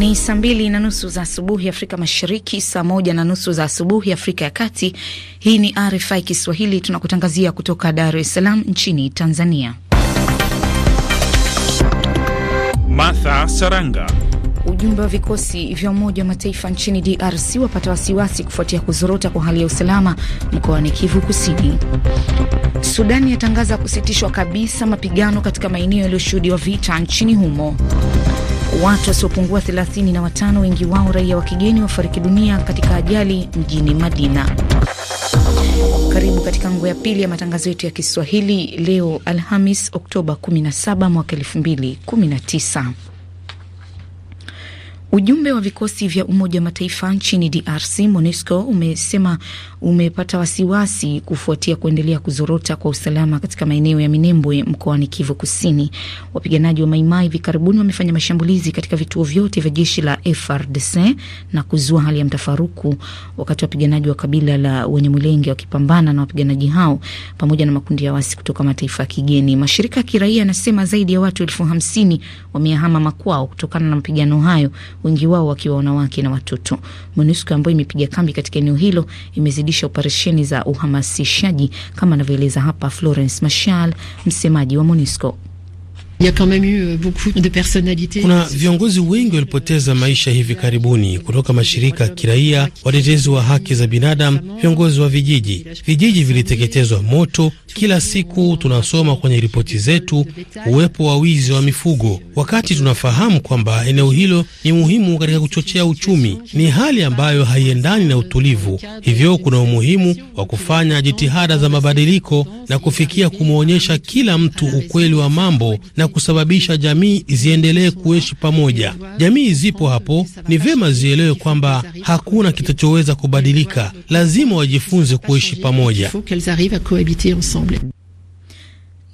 Ni saa mbili na nusu za asubuhi Afrika Mashariki, saa moja na nusu za asubuhi Afrika ya Kati. Hii ni RFI Kiswahili, tunakutangazia kutoka Dar es Salaam nchini Tanzania. Martha Saranga. Ujumbe wa vikosi vya Umoja wa Mataifa nchini DRC wapata wasiwasi kufuatia kuzorota kwa hali ya usalama mkoani Kivu Kusini. Sudani yatangaza kusitishwa kabisa mapigano katika maeneo yaliyoshuhudiwa vita nchini humo. Watu wasiopungua 35 wengi wao raia wa kigeni wafariki dunia katika ajali mjini Madina. Karibu katika nguo ya pili ya matangazo yetu ya Kiswahili leo Alhamis, Oktoba 17 mwaka 2019. Ujumbe wa vikosi vya Umoja wa Mataifa nchini DRC MONUSCO umesema umepata wasiwasi kufuatia kuendelea kuzorota kwa usalama katika maeneo ya Minembwe mkoani Kivu Kusini. Wapiganaji wa Maimai hivi karibuni wamefanya mashambulizi katika vituo vyote vya jeshi la FRDC na kuzua hali ya mtafaruku, wakati wapiganaji wa kabila la Wenyamulenge wakipambana na wapiganaji hao pamoja na makundi ya wasi kutoka mataifa ya kigeni. Mashirika ya kiraia yanasema zaidi ya watu elfu hamsini wameahama makwao kutokana na mapigano hayo wengi wao wakiwa wanawake na watoto. MONUSCO ambayo imepiga kambi katika eneo hilo imezidisha operesheni za uhamasishaji, kama anavyoeleza hapa Florence Mashal, msemaji wa MONUSCO. Il y a quand même eu euh, beaucoup de personnalités. Kuna viongozi wengi walipoteza maisha hivi karibuni kutoka mashirika ya kiraia, watetezi wa haki za binadamu, viongozi wa vijiji. Vijiji viliteketezwa moto. Kila siku tunasoma kwenye ripoti zetu uwepo wa wizi wa mifugo, wakati tunafahamu kwamba eneo hilo ni muhimu katika kuchochea uchumi. Ni hali ambayo haiendani na utulivu, hivyo kuna umuhimu wa kufanya jitihada za mabadiliko na kufikia kumwonyesha kila mtu ukweli wa mambo na kusababisha jamii ziendelee kuishi pamoja. Jamii zipo hapo, ni vyema zielewe kwamba hakuna kitachoweza kubadilika, lazima wajifunze kuishi pamoja.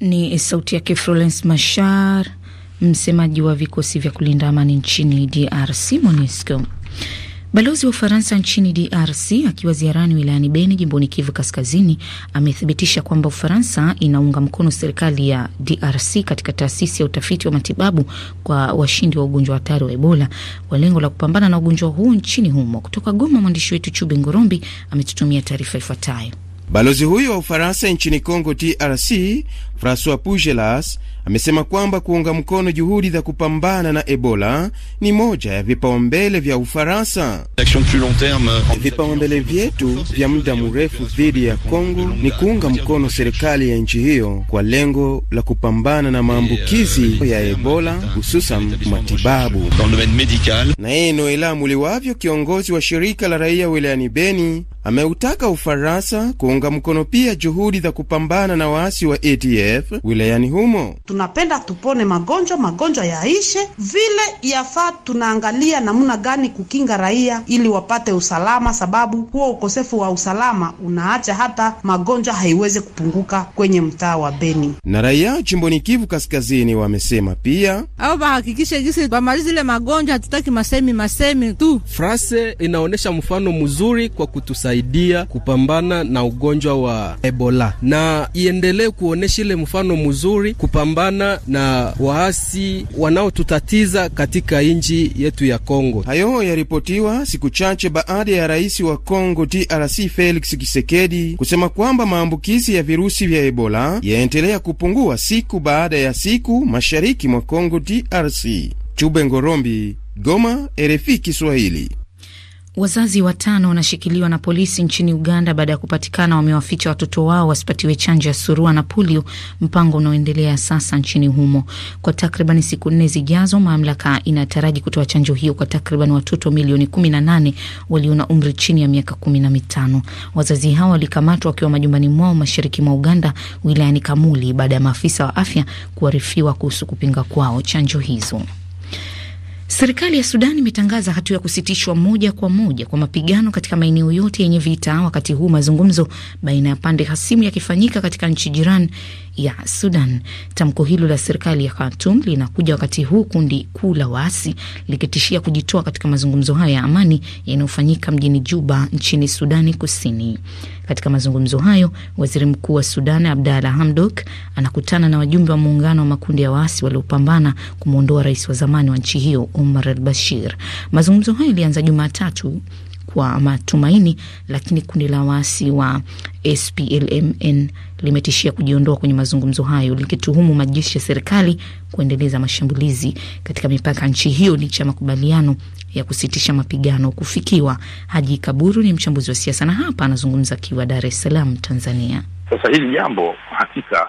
Ni sauti yake Florence Mashar, msemaji wa vikosi vya kulinda amani nchini DRC, MONUSCO. Balozi wa Ufaransa nchini DRC akiwa ziarani wilayani Beni, jimboni Kivu Kaskazini, amethibitisha kwamba Ufaransa inaunga mkono serikali ya DRC katika taasisi ya utafiti wa matibabu kwa washindi wa ugonjwa hatari wa Ebola kwa lengo la kupambana na ugonjwa huu nchini humo. Kutoka Goma, mwandishi wetu Chube Ngorombi ametutumia taarifa ifuatayo. Balozi huyo wa Ufaransa nchini Congo DRC, Francois Pugelas amesema kwamba kuunga mkono juhudi za kupambana na Ebola ni moja ya vipaumbele vya Ufaransa. Vipaumbele vyetu vya muda mrefu dhidi ya Kongo ni kuunga mkono serikali ya nchi hiyo kwa lengo la kupambana na maambukizi euh, ya Ebola, hususan matibabu. Na yeye Noela Muliwavyo, kiongozi wa shirika la raia wilayani Beni, ameutaka Ufaransa kuunga mkono pia juhudi za kupambana na waasi wa ADF wilayani humo. Tunapenda tupone magonjwa, magonjwa yaishe. Vile yafaa tunaangalia namna gani kukinga raia ili wapate usalama, sababu huo ukosefu wa usalama unaacha hata magonjwa haiweze kupunguka kwenye mtaa wa Beni. Na raia chimboni Kivu Kaskazini wamesema pia au bahakikishe jisi bamalizi ile magonjwa, hatutaki masemi masemi tu. Frase inaonyesha mfano mzuri kwa kutusaidia kusaidia kupambana na ugonjwa wa Ebola na iendelee kuonesha ile mfano mzuri kupambana na waasi wanaotutatiza katika nchi yetu ya Kongo. Hayo yaripotiwa siku chache baada ya rais wa Kongo DRC Felix Tshisekedi kusema kwamba maambukizi ya virusi vya Ebola yaendelea kupungua siku baada ya siku mashariki mwa Kongo DRC. Chube Ngorombi, Goma, RFI Kiswahili. Wazazi watano wanashikiliwa na polisi nchini Uganda baada ya kupatikana wamewaficha watoto wao wasipatiwe chanjo ya surua na polio, mpango unaoendelea sasa nchini humo. Kwa takriban siku nne zijazo, mamlaka inataraji kutoa chanjo hiyo kwa takriban watoto milioni kumi na nane walio na umri chini ya miaka kumi na mitano. Wazazi hao walikamatwa wakiwa majumbani mwao mashariki mwa Uganda, wilayani Kamuli, baada ya maafisa wa afya kuarifiwa kuhusu kupinga kwao chanjo hizo. Serikali ya Sudan imetangaza hatua ya kusitishwa moja kwa moja kwa mapigano katika maeneo yote yenye vita, wakati huu mazungumzo baina ya pande hasimu yakifanyika katika nchi jirani ya Sudan. Tamko hilo la serikali ya khatum linakuja wakati huu kundi kuu la waasi likitishia kujitoa katika mazungumzo hayo ya amani yanayofanyika mjini Juba nchini Sudani Kusini. Katika mazungumzo hayo, waziri mkuu wa Sudan Abdalla Hamdok anakutana na wajumbe wa muungano wa makundi ya waasi waliopambana kumwondoa rais wa zamani wa nchi hiyo Omar al Bashir. Mazungumzo hayo yalianza Jumatatu kwa matumaini, lakini kundi la waasi wa SPLMN limetishia kujiondoa kwenye mazungumzo hayo likituhumu majeshi ya serikali kuendeleza mashambulizi katika mipaka nchi hiyo licha ya makubaliano ya kusitisha mapigano kufikiwa. Haji Kaburu ni mchambuzi wa siasa na hapa anazungumza akiwa Dar es Salaam, Tanzania. Sasa hili jambo hakika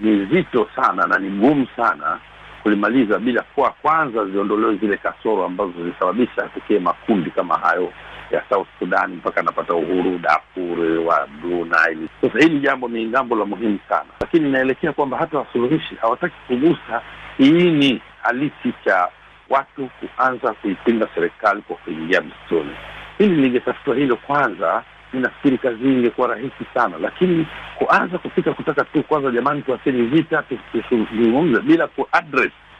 ni zito sana na ni ngumu sana kulimaliza bila kuwa kwanza ziondolewe zile kasoro ambazo zilisababisha pekee makundi kama hayo ya South Sudan mpaka anapata uhuru Darfur wa Brunei. Sasa hili jambo ni jambo la muhimu sana, lakini inaelekea kwamba hata wasuluhishi hawataki kugusa kiini halisi cha watu kuanza kuipinda serikali kwa kuingia msituni. Hili lingetafutwa hilo kwanza, ninafikiri kazi hii ingekuwa rahisi sana, lakini kuanza kufika kutaka tu kwanza, jamani, tuasili vita, tuzungumze bila ku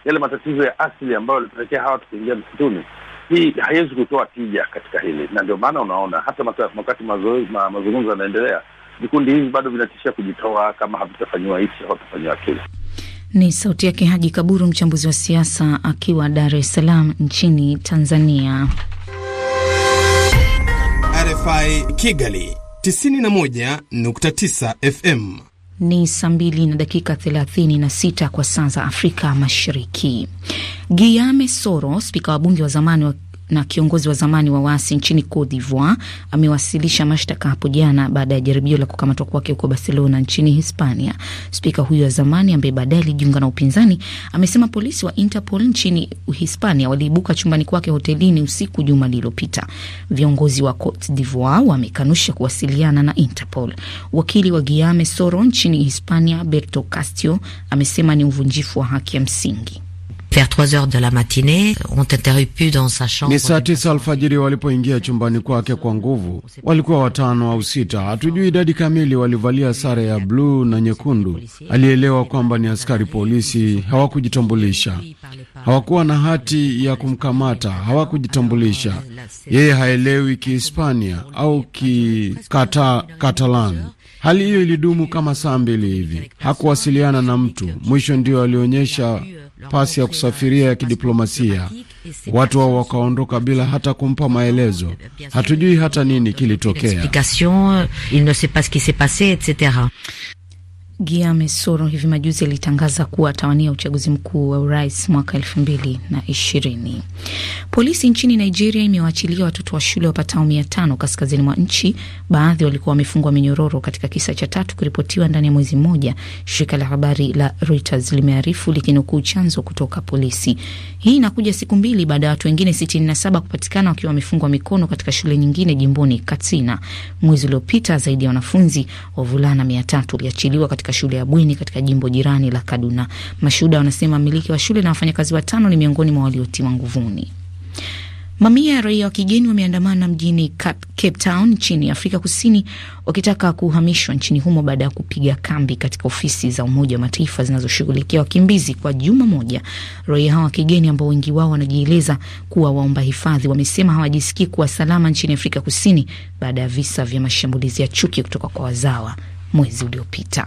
yale matatizo ya asili ambayo yalipelekea hawa tukuingia msituni, hii haiwezi kutoa tija katika hili, na ndio maana unaona hata wakati mazungumzo yanaendelea, vikundi hivi bado vinatishia kujitoa kama havitafanyiwa hichi, vitafanyiwa kile. Ni sauti yake Haji Kaburu, mchambuzi wa siasa akiwa Dar es Salaam nchini Tanzania. RFI Kigali 91.9 FM ni saa mbili na dakika 36 kwa saa za Afrika Mashariki. giame Soro, spika wa bunge wa zamani wa na kiongozi wa zamani wa waasi nchini Cote d'Ivoire amewasilisha mashtaka hapo jana baada ya jaribio la kukamatwa kwake huko Barcelona nchini Hispania. Spika huyo wa zamani ambaye baadaye alijiunga na upinzani amesema polisi wa Interpol nchini Hispania waliibuka chumbani kwake hotelini usiku juma lililopita. Viongozi wa Cote d'Ivoire wamekanusha kuwasiliana na Interpol. Wakili wa Guillaume Soro nchini Hispania, Berto Castillo amesema ni uvunjifu wa haki ya msingi. Vers 3 de la ont interrompu dans sa chambre. Ni saa tisa alfajiri walipoingia chumbani kwake kwa nguvu. Walikuwa watano au sita, hatujui idadi kamili. Walivalia sare ya bluu na nyekundu. Alielewa kwamba ni askari polisi. Hawakujitambulisha, hawakuwa na hati ya kumkamata, hawakujitambulisha. Yeye haelewi Kihispania au Kikatalan. Hali hiyo ilidumu kama saa mbili hivi. Hakuwasiliana na mtu. Mwisho ndio alionyesha pasi ya kusafiria ya kidiplomasia. Watu hao wakaondoka bila hata kumpa maelezo. Hatujui hata nini kilitokea. Guillaume Soro hivi majuzi alitangaza kuwa atawania uchaguzi mkuu wa urais mwaka elfu mbili na ishirini. Polisi nchini Nigeria imewaachilia watoto wa shule wapatao mia tano kaskazini mwa nchi, baadhi walikuwa wamefungwa minyororo katika kisa cha tatu kuripotiwa ndani ya mwezi mmoja, shirika la habari la Reuters limearifu likinukuu chanzo kutoka polisi. Hii inakuja siku mbili baada ya watu wengine sitini na saba kupatikana wakiwa wamefungwa mikono katika shule nyingine jimboni Katsina. Mwezi uliopita zaidi ya wanafunzi wavulana mia tatu waliachiliwa katika katika shule ya bweni katika jimbo jirani la Kaduna. Mashuhuda wanasema mmiliki wa shule na wafanyakazi watano ni miongoni mwa waliotiwa nguvuni. Mamia ya raia wa kigeni wameandamana mjini Cape Town nchini Afrika Kusini wakitaka kuhamishwa nchini humo baada ya kupiga kambi katika ofisi za Umoja wa Mataifa zinazoshughulikia wakimbizi kwa juma moja. Raia hao wa kigeni ambao wengi wao wanajieleza kuwa waomba hifadhi wamesema hawajisikii kuwa salama nchini Afrika Kusini baada ya visa vya mashambulizi ya chuki kutoka kwa wazawa mwezi uliopita.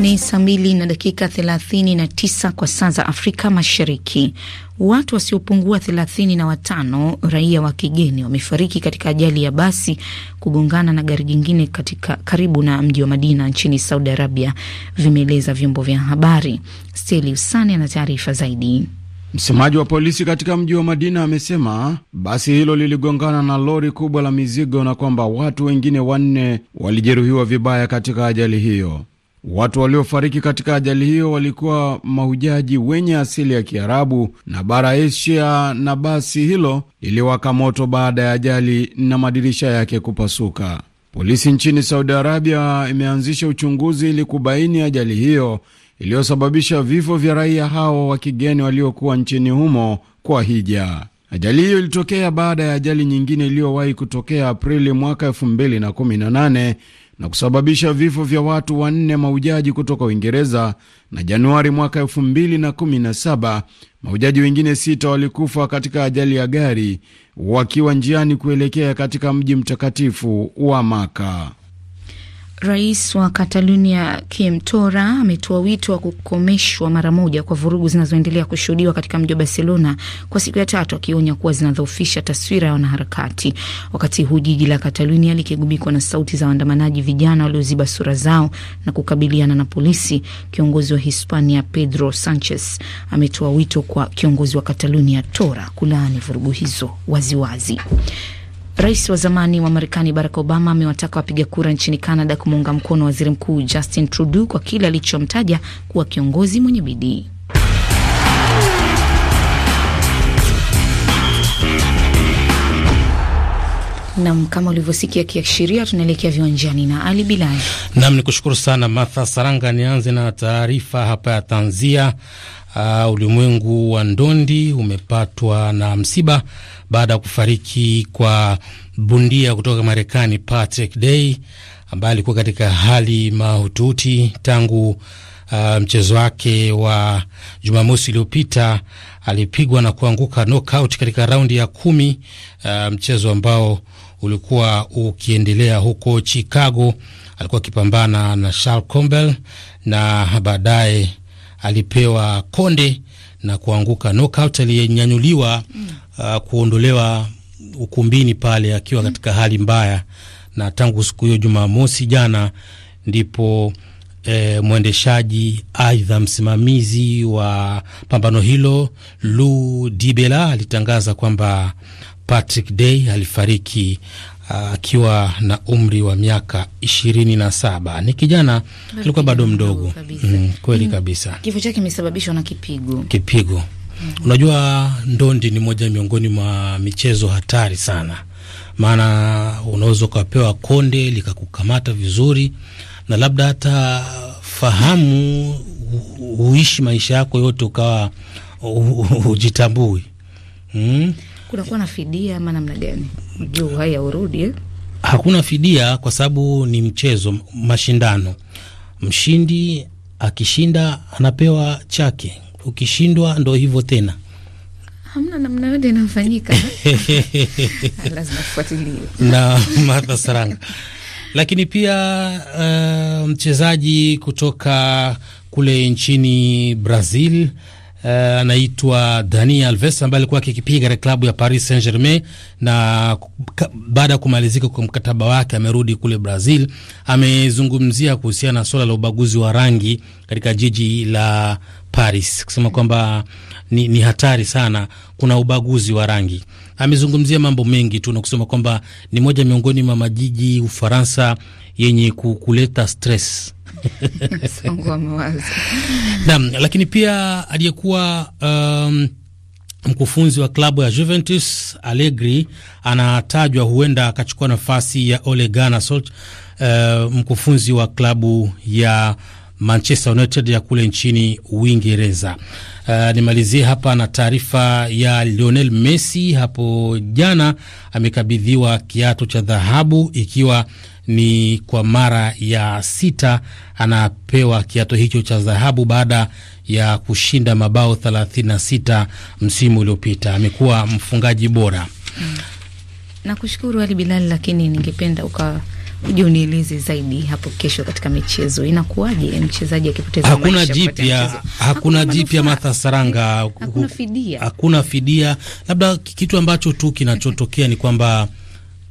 Ni saa mbili na dakika 39 kwa saa za Afrika Mashariki. Watu wasiopungua thelathini na watano raia wa kigeni wamefariki katika ajali ya basi kugongana na gari jingine katika karibu na mji wa Madina nchini Saudi Arabia, vimeeleza vyombo vya habari. Steli Usani ana taarifa zaidi. Msemaji wa polisi katika mji wa Madina amesema basi hilo liligongana na lori kubwa la mizigo na kwamba watu wengine wanne walijeruhiwa vibaya katika ajali hiyo. Watu waliofariki katika ajali hiyo walikuwa mahujaji wenye asili ya Kiarabu na bara Asia, na basi hilo liliwaka moto baada ya ajali na madirisha yake kupasuka. Polisi nchini Saudi Arabia imeanzisha uchunguzi ili kubaini ajali hiyo iliyosababisha vifo vya raia hao wa kigeni waliokuwa nchini humo kwa hija. Ajali hiyo ilitokea baada ya ajali nyingine iliyowahi kutokea Aprili mwaka 2018 na kusababisha vifo vya watu wanne maujaji kutoka Uingereza, na Januari mwaka 217 maujaji wengine sita walikufa katika ajali ya gari wakiwa njiani kuelekea katika mji mtakatifu wa Maka. Rais wa Katalunia Kim Torra ametoa wito wa kukomeshwa mara moja kwa vurugu zinazoendelea kushuhudiwa katika mji wa Barcelona kwa siku ya tatu, akionya kuwa zinadhoofisha taswira ya wanaharakati, wakati huu jiji la Katalunia likigubikwa na sauti za waandamanaji vijana walioziba sura zao na kukabiliana na polisi. Kiongozi wa Hispania Pedro Sanchez ametoa wito kwa kiongozi wa Katalunia Torra kulaani vurugu hizo waziwazi wazi. Rais wa zamani wa Marekani Barack Obama amewataka wapiga kura nchini Canada kumuunga mkono waziri mkuu Justin Trudeau kwa kile alichomtaja kuwa kiongozi mwenye bidii. Nam, kama ulivyosikia kiashiria, tunaelekea viwanjani na Ali Bilali. Nam, ni kushukuru sana Martha Saranga. Nianze na taarifa hapa ya tanzia Uh, ulimwengu wa ndondi umepatwa na msiba baada ya kufariki kwa bundia kutoka Marekani Patrick Day ambaye alikuwa katika hali mahututi tangu uh, mchezo wake wa Jumamosi iliyopita alipigwa na kuanguka knockout katika raundi ya kumi, uh, mchezo ambao ulikuwa ukiendelea huko Chicago. Alikuwa akipambana na Charles combel na baadaye alipewa konde na kuanguka knockout, aliyenyanyuliwa mm. uh, kuondolewa ukumbini pale akiwa mm. katika hali mbaya, na tangu siku hiyo Jumamosi jana ndipo E, mwendeshaji aidha msimamizi wa pambano hilo Lu Dibela alitangaza kwamba Patrick Day alifariki Ah, akiwa na umri wa miaka ishirini na saba. Ni kijana alikuwa bado mdogo kabisa. Mm, kweli mm. kabisa. Kifo chake kimesababishwa na kipigo, kipigo. Mm Unajua, ndondi ni moja miongoni mwa michezo hatari sana, maana unaweza ukapewa konde likakukamata vizuri na labda hata fahamu uishi maisha yako yote ukawa hujitambui. Mm kunakuwa na fidia ama namna gani? Juu uhai haurudi eh? Hakuna fidia kwa sababu ni mchezo, mashindano. Mshindi akishinda anapewa chake, ukishindwa ndo hivyo tena, hamna namna, yote inafanyika eh? lazima fuatiliwe na Martha Saranga lakini pia uh, mchezaji kutoka kule nchini Brazil Eh, anaitwa Dani Alves ambaye alikuwa akikipiga katika klabu ya Paris Saint Germain, na baada ya kumalizika kwa mkataba wake amerudi kule Brazil. Amezungumzia kuhusiana na swala la ubaguzi wa rangi katika jiji la Paris, kusema kwamba ni, ni hatari sana, kuna ubaguzi wa rangi. Amezungumzia mambo mengi tu na kusema kwamba ni moja miongoni mwa majiji Ufaransa yenye kuleta stress msongo wa mawazo naam. Lakini pia aliyekuwa um, mkufunzi wa klabu ya Juventus Allegri anatajwa huenda akachukua nafasi ya Ole Gunnar Solskjaer uh, mkufunzi wa klabu ya Manchester United ya kule nchini Uingereza. Uh, nimalizie hapa na taarifa ya Lionel Messi. Hapo jana amekabidhiwa kiatu cha dhahabu ikiwa ni kwa mara ya sita anapewa kiato hicho cha dhahabu baada ya kushinda mabao 36 msimu uliopita. Amekuwa mfungaji bora mm. Nakushukuru Ali Bilal, lakini ningependa uka uje unieleze zaidi hapo kesho katika michezo inakuwaje? Mchezaji akipoteza hakuna jipya, hakuna jipya Martha Saranga, hakuna fidia, hakuna fidia. Labda kitu ambacho tu kinachotokea ni kwamba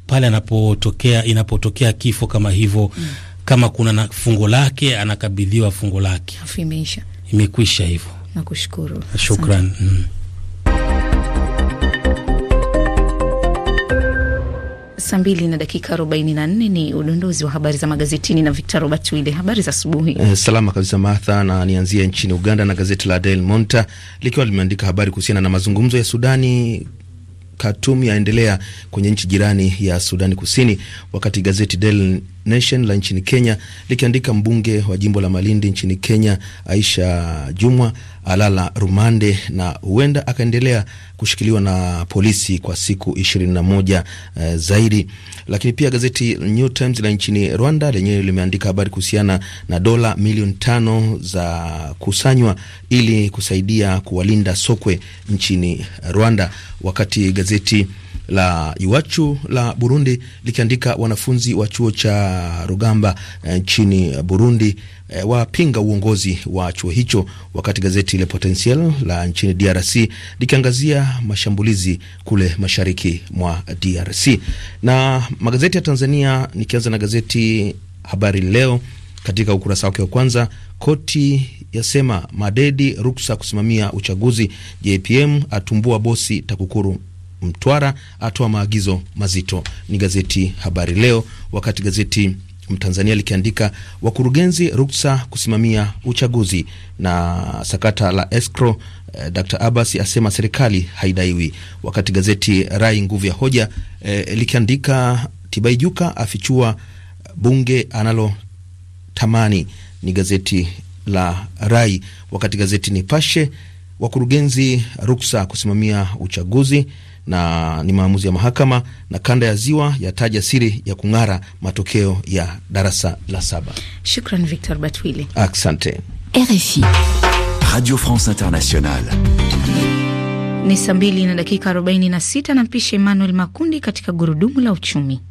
pale anapotokea inapotokea kifo kama hivyo mm. Kama kuna na fungo lake anakabidhiwa fungo lake, imeisha imekwisha hivyo. Nakushukuru, shukran. Mm. Saa mbili na dakika arobaini na nne ni udondozi wa habari za magazetini na Victor Robert Wile. Habari za asubuhi. Eh, salama kabisa Martha, na nianzie nchini Uganda na gazeti la Daily Monitor likiwa limeandika habari kuhusiana na mazungumzo ya Sudani Khartoum yaendelea kwenye nchi jirani ya Sudani Kusini, wakati gazeti Daily Nation la nchini Kenya likiandika mbunge wa jimbo la Malindi nchini Kenya Aisha Jumwa alala rumande na huenda akaendelea kushikiliwa na polisi kwa siku 21 na eh, zaidi. Lakini pia gazeti New Times la nchini Rwanda lenyewe limeandika habari kuhusiana na dola milioni tano za kusanywa ili kusaidia kuwalinda sokwe nchini Rwanda, wakati gazeti la Iwachu la Burundi likiandika wanafunzi wa chuo cha Rugamba eh, nchini eh, Burundi eh, wapinga uongozi wa chuo hicho, wakati gazeti Le Potentiel la nchini DRC likiangazia mashambulizi kule mashariki mwa DRC. Na magazeti ya Tanzania, nikianza na gazeti Habari Leo katika ukurasa wake wa kwanza, koti yasema madedi ruksa kusimamia uchaguzi. JPM atumbua bosi TAKUKURU Mtwara atoa maagizo mazito. Ni gazeti Habari Leo, wakati gazeti Mtanzania likiandika wakurugenzi ruksa kusimamia uchaguzi na sakata la escrow. Eh, Dr. Abbas asema serikali haidaiwi, wakati gazeti Rai nguvu ya hoja eh, likiandika Tibaijuka afichua bunge analotamani. Ni gazeti la Rai, wakati gazeti Nipashe wakurugenzi ruksa kusimamia uchaguzi na ni maamuzi ya mahakama, na kanda ya ziwa yataja siri ya kung'ara matokeo ya darasa la saba. Shukran Victor Batwile, asante. RFI Radio France Internationale. Ni saa mbili na dakika 46 na mpisha Emmanuel Makundi katika gurudumu la uchumi.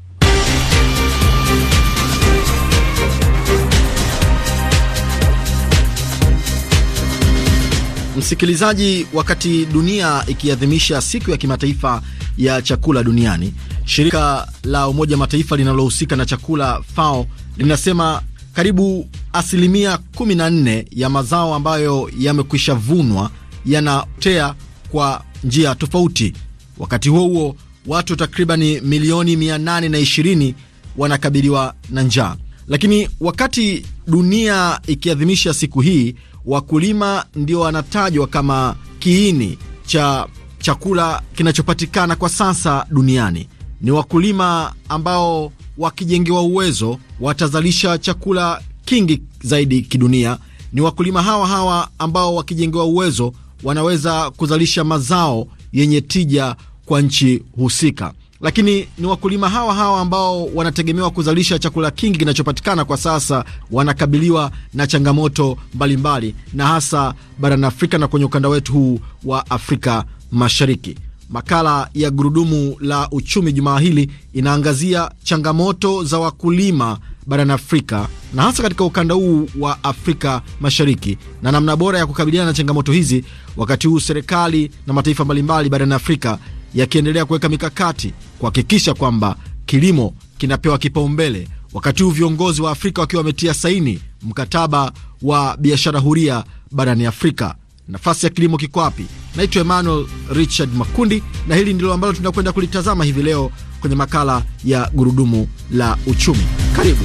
Msikilizaji, wakati dunia ikiadhimisha siku ya kimataifa ya chakula duniani, shirika la Umoja Mataifa linalohusika na chakula FAO linasema karibu asilimia 14 ya mazao ambayo yamekwisha vunwa yanapotea kwa njia tofauti. Wakati huo huo, watu takribani milioni 820 wanakabiliwa na njaa. Lakini wakati dunia ikiadhimisha siku hii, wakulima ndio wanatajwa kama kiini cha chakula kinachopatikana kwa sasa duniani. Ni wakulima ambao wakijengewa uwezo watazalisha chakula kingi zaidi kidunia. Ni wakulima hawa hawa ambao wakijengewa uwezo wanaweza kuzalisha mazao yenye tija kwa nchi husika lakini ni wakulima hawa hawa ambao wanategemewa kuzalisha chakula kingi kinachopatikana kwa sasa, wanakabiliwa na changamoto mbalimbali mbali, na hasa barani Afrika na kwenye ukanda wetu huu wa Afrika Mashariki. Makala ya Gurudumu la Uchumi jumaa hili inaangazia changamoto za wakulima barani Afrika na hasa katika ukanda huu wa Afrika Mashariki na namna bora ya kukabiliana na changamoto hizi, wakati huu serikali na mataifa mbalimbali barani Afrika yakiendelea kuweka mikakati kuhakikisha kwamba kilimo kinapewa kipaumbele, wakati huu viongozi wa Afrika wakiwa wametia saini mkataba wa biashara huria barani Afrika. Nafasi ya kilimo kiko wapi? Naitwa Emmanuel Richard Makundi, na hili ndilo ambalo tunakwenda kulitazama hivi leo kwenye makala ya Gurudumu la Uchumi. Karibu.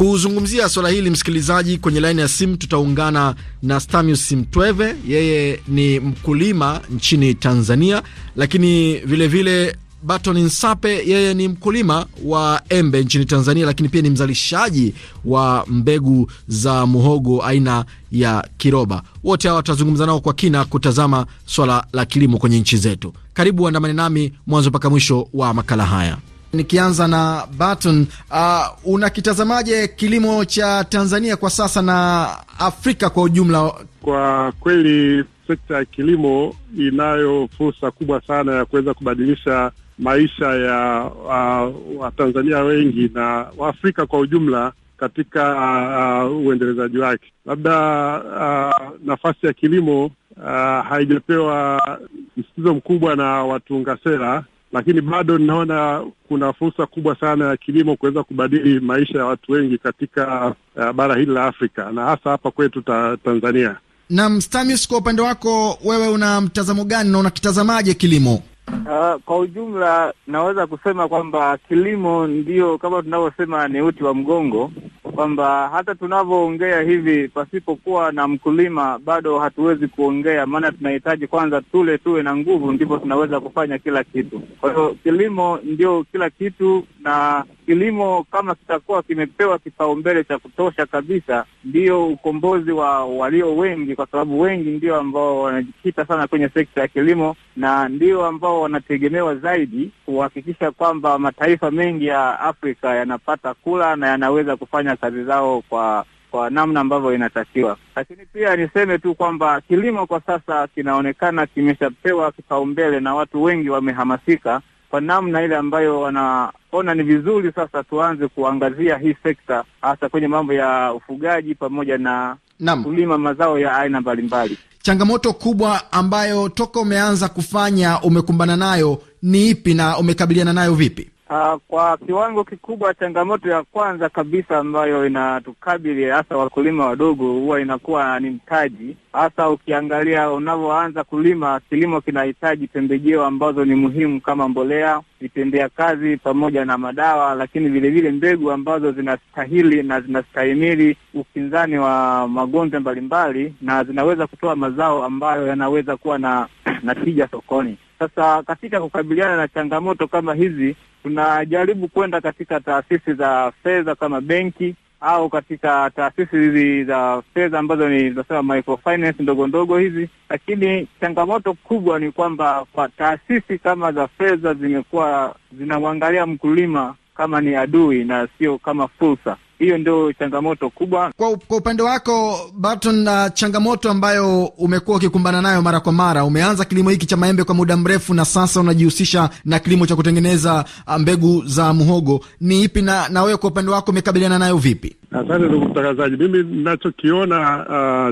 Kuzungumzia swala hili msikilizaji, kwenye laini ya simu tutaungana na Stamius Simtweve. Yeye ni mkulima nchini Tanzania, lakini vilevile vile Baton Nsape, yeye ni mkulima wa embe nchini Tanzania, lakini pia ni mzalishaji wa mbegu za muhogo aina ya Kiroba. Wote hawa tutazungumza nao kwa kina kutazama swala la kilimo kwenye nchi zetu. Karibu andamane nami mwanzo mpaka mwisho wa makala haya. Nikianza na Baton, uh, unakitazamaje kilimo cha Tanzania kwa sasa na Afrika kwa ujumla? Kwa kweli sekta ya kilimo inayo fursa kubwa sana ya kuweza kubadilisha maisha ya uh, Watanzania wa wengi na Waafrika kwa ujumla katika uh, uh, uendelezaji wake. Labda uh, nafasi ya kilimo uh, haijapewa msitizo mkubwa na watunga sera lakini bado ninaona kuna fursa kubwa sana ya kilimo kuweza kubadili maisha ya watu wengi katika uh, bara hili la Afrika na hasa hapa kwetu ta, Tanzania. Naam, Stamis, kwa upande wako wewe una mtazamo gani na unakitazamaje kilimo? Uh, kwa ujumla naweza kusema kwamba kilimo ndio kama tunavyosema ni uti wa mgongo, kwamba hata tunavyoongea hivi pasipokuwa na mkulima bado hatuwezi kuongea, maana tunahitaji kwanza tule tuwe na nguvu, ndipo tunaweza kufanya kila kitu. Kwa hiyo kilimo ndio kila kitu na kilimo kama kitakuwa kimepewa kipaumbele cha kutosha kabisa, ndio ukombozi wa walio wengi, kwa sababu wengi ndio ambao wanajikita sana kwenye sekta ya kilimo na ndio ambao wanategemewa zaidi kuhakikisha kwamba mataifa mengi ya Afrika yanapata kula na yanaweza kufanya kazi zao kwa kwa namna ambavyo inatakiwa. Lakini pia niseme tu kwamba kilimo kwa sasa kinaonekana kimeshapewa kipaumbele na watu wengi wamehamasika kwa namna ile ambayo wanaona ni vizuri sasa tuanze kuangazia hii sekta hasa kwenye mambo ya ufugaji pamoja na Nam. kulima mazao ya aina mbalimbali. Changamoto kubwa ambayo toka umeanza kufanya umekumbana nayo ni ipi na umekabiliana nayo vipi? Uh, kwa kiwango kikubwa, changamoto ya kwanza kabisa ambayo inatukabili hasa wakulima wadogo huwa inakuwa ni mtaji. Hasa ukiangalia unavyoanza kulima, kilimo kinahitaji pembejeo ambazo ni muhimu kama mbolea, vitendea kazi pamoja na madawa, lakini vilevile mbegu ambazo zinastahili na zinastahimili ukinzani wa magonjwa mbalimbali na zinaweza kutoa mazao ambayo yanaweza kuwa na na tija sokoni. Sasa katika kukabiliana na changamoto kama hizi, tunajaribu kwenda katika taasisi za fedha kama benki au katika taasisi hizi za fedha ambazo ni tunasema microfinance ndogo ndogo hizi, lakini changamoto kubwa ni kwamba kwa taasisi kama za fedha zimekuwa zinamwangalia mkulima kama ni adui na sio kama fursa hiyo ndio changamoto kubwa. Kwa, kwa upande wako Barton, na changamoto ambayo umekuwa ukikumbana nayo mara kwa mara, umeanza kilimo hiki cha maembe kwa muda mrefu na sasa unajihusisha na kilimo cha kutengeneza ah, mbegu za muhogo, ni ipi na, na wewe kwa upande wako umekabiliana nayo vipi? Asante ndugu mtangazaji, mimi ninachokiona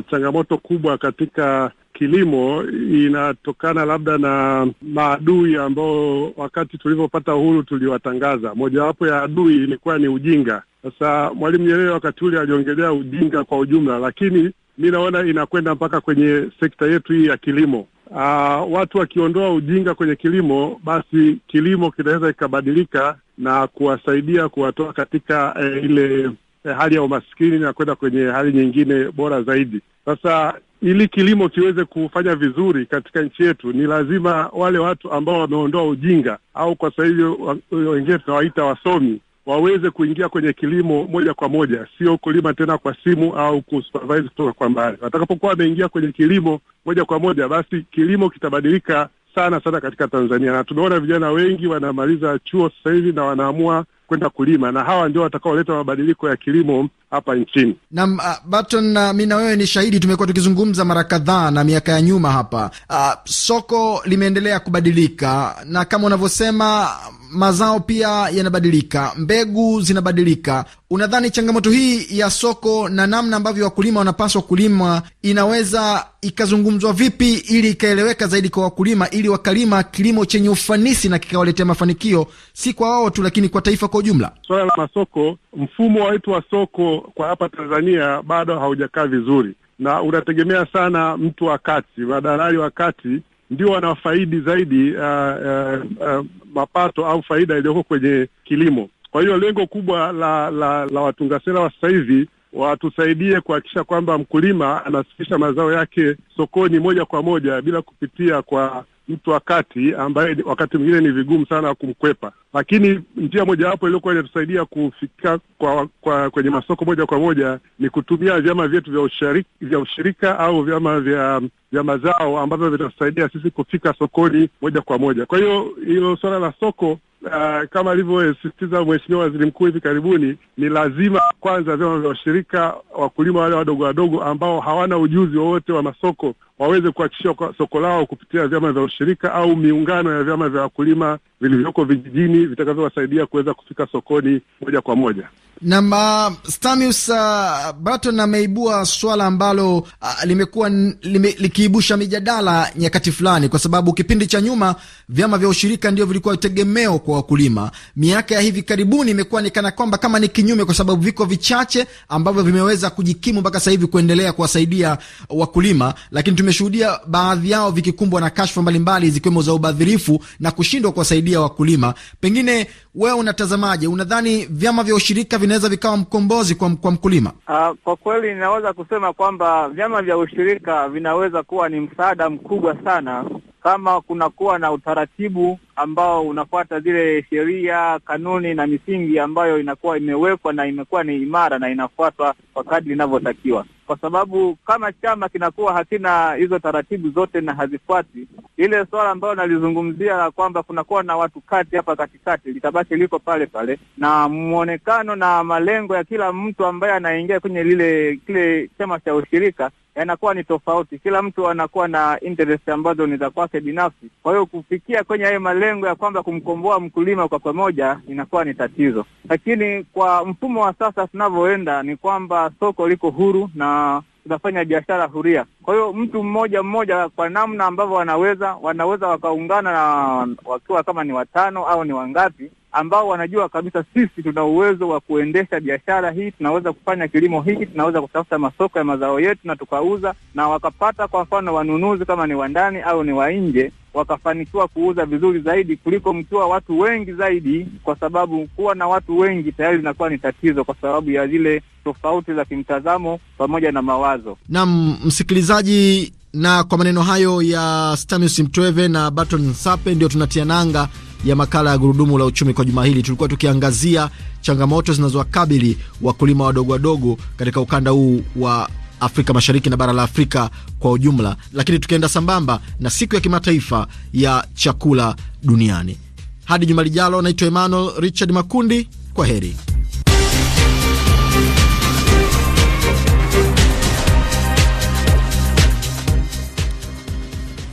uh, changamoto kubwa katika kilimo inatokana labda na maadui ambao wakati tulivyopata uhuru tuliwatangaza. Mojawapo ya adui ilikuwa ni ujinga. Sasa Mwalimu Nyerere wakati ule aliongelea ujinga kwa ujumla, lakini mi naona inakwenda mpaka kwenye sekta yetu hii ya kilimo. Aa, ah, watu wakiondoa ujinga kwenye kilimo, basi kilimo kinaweza ikabadilika na kuwasaidia kuwatoa katika eh, ile eh, hali ya umaskini na kwenda kwenye hali nyingine bora zaidi. Sasa ili kilimo kiweze kufanya vizuri katika nchi yetu, ni lazima wale watu ambao wameondoa ujinga au kwa sasa hivi wengine tunawaita wasomi waweze kuingia kwenye kilimo moja kwa moja, sio kulima tena kwa simu au kusupervise kutoka kwa mbali. Watakapokuwa wameingia kwenye kilimo moja kwa moja, basi kilimo kitabadilika sana sana katika Tanzania, na tunaona vijana wengi wanamaliza chuo sasa hivi na wanaamua kwenda kulima na hawa ndio watakaoleta mabadiliko ya kilimo hapa nchini. Naam, uh, ah, Baton, uh, mi na wewe ni shahidi, tumekuwa tukizungumza mara kadhaa na miaka ya nyuma hapa. Uh, soko limeendelea kubadilika na kama unavyosema mazao pia yanabadilika, mbegu zinabadilika. Unadhani changamoto hii ya soko na namna ambavyo wakulima wanapaswa kulima inaweza ikazungumzwa vipi ili ikaeleweka zaidi kwa wakulima, ili wakalima kilimo chenye ufanisi na kikawaletea mafanikio, si kwa wao tu, lakini kwa taifa kwa ujumla? Suala la masoko, mfumo wetu wa soko kwa hapa Tanzania bado haujakaa vizuri na unategemea sana mtu wa kati, wadalali wa kati ndio wanafaidi zaidi uh, uh, uh, mapato au faida iliyoko kwenye kilimo. Kwa hiyo lengo kubwa la la, la watunga sera wa sasa hivi watusaidie kuhakikisha kwamba mkulima anafikisha mazao yake sokoni moja kwa moja bila kupitia kwa mtu wa kati ambaye wakati mwingine ni vigumu sana kumkwepa, lakini njia mojawapo iliyokuwa inatusaidia kufika kwa, kwa kwenye masoko moja kwa moja ni kutumia vyama vyetu vya ushirika, vya ushirika au vyama vya vya mazao ambavyo vinatusaidia sisi kufika sokoni moja kwa moja. Kwa hiyo hilo suala la soko Uh, kama alivyosisitiza Mheshimiwa Waziri Mkuu hivi karibuni, ni lazima kwanza vyama vya washirika, wakulima wale wadogo wadogo ambao hawana ujuzi wowote wa masoko waweze kuhakikisha soko lao kupitia vyama vya ushirika au miungano ya vyama vya wakulima vilivyoko vijijini vitakavyowasaidia kuweza kufika sokoni moja kwa moja. Nam uh, Stanius uh, Barton ameibua swala ambalo uh, limekuwa lime, likiibusha mijadala nyakati fulani, kwa sababu kipindi cha nyuma vyama vya ushirika ndio vilikuwa tegemeo kwa wakulima. Miaka ya hivi karibuni imekuwa ni kana kwamba kama ni kinyume, kwa sababu viko vichache ambavyo vimeweza kujikimu mpaka sasa hivi kuendelea kuwasaidia wakulima, lakini vimeshuhudia baadhi yao vikikumbwa na kashfa mbalimbali zikiwemo za ubadhirifu na kushindwa kuwasaidia wakulima. Pengine wewe unatazamaje? Unadhani vyama vya ushirika vinaweza vikawa mkombozi kwa, kwa mkulima? Uh, kwa kweli ninaweza kusema kwamba vyama vya ushirika vinaweza kuwa ni msaada mkubwa sana kama kunakuwa na utaratibu ambao unafuata zile sheria, kanuni na misingi ambayo inakuwa imewekwa na imekuwa ni imara na inafuatwa kwa kadri inavyotakiwa, kwa sababu kama chama kinakuwa hakina hizo taratibu zote na hazifuati, ile swala ambayo nalizungumzia la kwamba kunakuwa na watu kati hapa katikati litabaki lake liko pale pale, na mwonekano na malengo ya kila mtu ambaye anaingia kwenye lile kile chama cha ushirika yanakuwa ni tofauti. Kila mtu anakuwa na interest ambazo ni za kwake binafsi. Kwa hiyo kufikia kwenye hayo malengo ya kwamba kumkomboa mkulima kwa pamoja inakuwa ni tatizo, lakini kwa mfumo wa sasa tunavyoenda ni kwamba soko liko huru na tunafanya biashara huria. Kwa hiyo mtu mmoja mmoja, kwa namna ambavyo wanaweza wanaweza wakaungana na wakiwa kama ni watano au ni wangapi, ambao wanajua kabisa sisi tuna uwezo wa kuendesha biashara hii, tunaweza kufanya kilimo hiki, tunaweza kutafuta masoko ya mazao yetu na tukauza, na wakapata kwa mfano wanunuzi kama ni wa ndani au ni wa nje, wakafanikiwa kuuza vizuri zaidi kuliko mkiwa watu wengi zaidi, kwa sababu kuwa na watu wengi tayari inakuwa ni tatizo kwa sababu ya zile tofauti za kimtazamo pamoja na mawazo. Naam, msikilizaji, na kwa maneno hayo ya Stamius Mtweve na Barton Sape, ndio tunatia nanga ya makala ya gurudumu la uchumi kwa juma hili tulikuwa tukiangazia changamoto zinazowakabili wakulima wadogo wadogo katika ukanda huu wa Afrika Mashariki na bara la Afrika kwa ujumla, lakini tukienda sambamba na siku ya kimataifa ya chakula duniani. Hadi juma lijalo, naitwa Emmanuel Richard Makundi, kwa heri.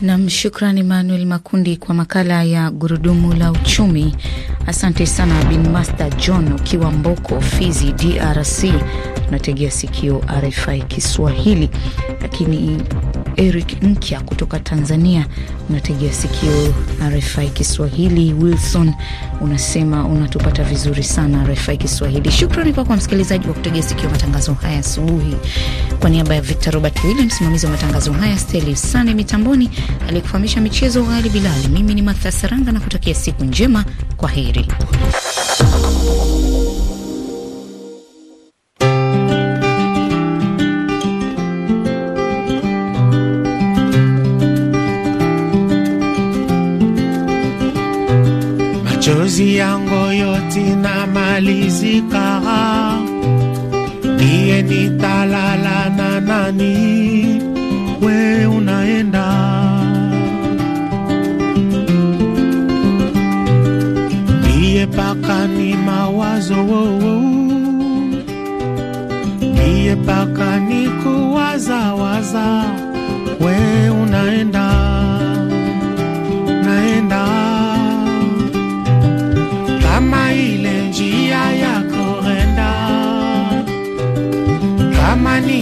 Nam, shukran Emmanuel Makundi kwa makala ya gurudumu la uchumi. Asante sana bin Master John ukiwa Mboko, Fizi, DRC. unategea sikio RFI Kiswahili, lakini Eric Nkya kutoka Tanzania, unategea sikio RFI Kiswahili. Wilson unasema unatupata vizuri sana RFI Kiswahili. Shukrani kwako kwa msikilizaji wa kutegea sikio matangazo haya asubuhi. Kwa niaba ya Victor Robert William, msimamizi wa matangazo haya, Steli Sane mitamboni, aliyekufahamisha michezo Ghali Bilali. Mimi ni Matha Saranga na kutakia siku njema. Kwa heri. machozi yangu yote na malizika, niye nitalala na nani? We unaenda niye paka ni mawazo wo wo, niye paka ni kuwaza waza, we unaenda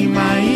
my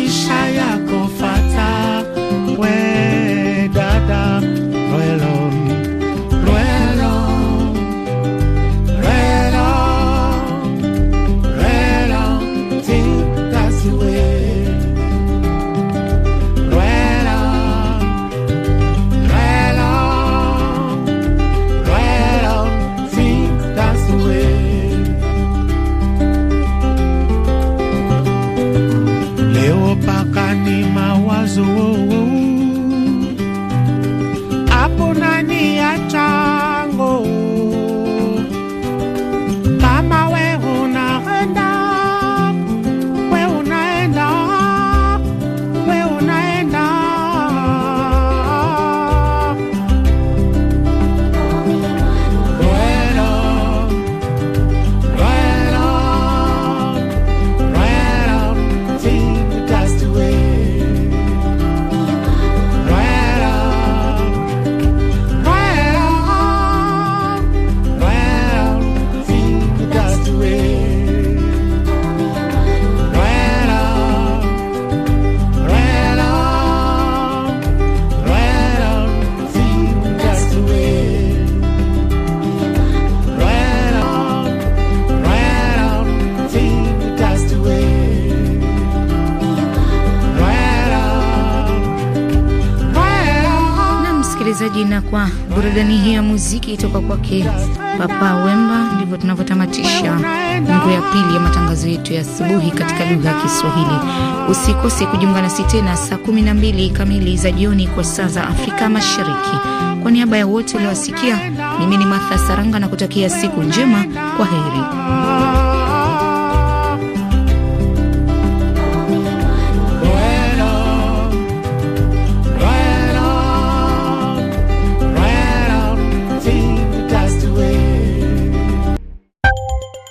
kwa burudani hii ya muziki toka kwake Papa Wemba. Ndivyo tunavyotamatisha nguo ya pili ya matangazo yetu ya asubuhi katika lugha ya Kiswahili. Usikose kujiunga nasi tena saa 12 kamili za jioni kwa saa za Afrika Mashariki. Kwa niaba ya wote uliowasikia, mimi ni Martha Saranga na kutakia siku njema. Kwa heri.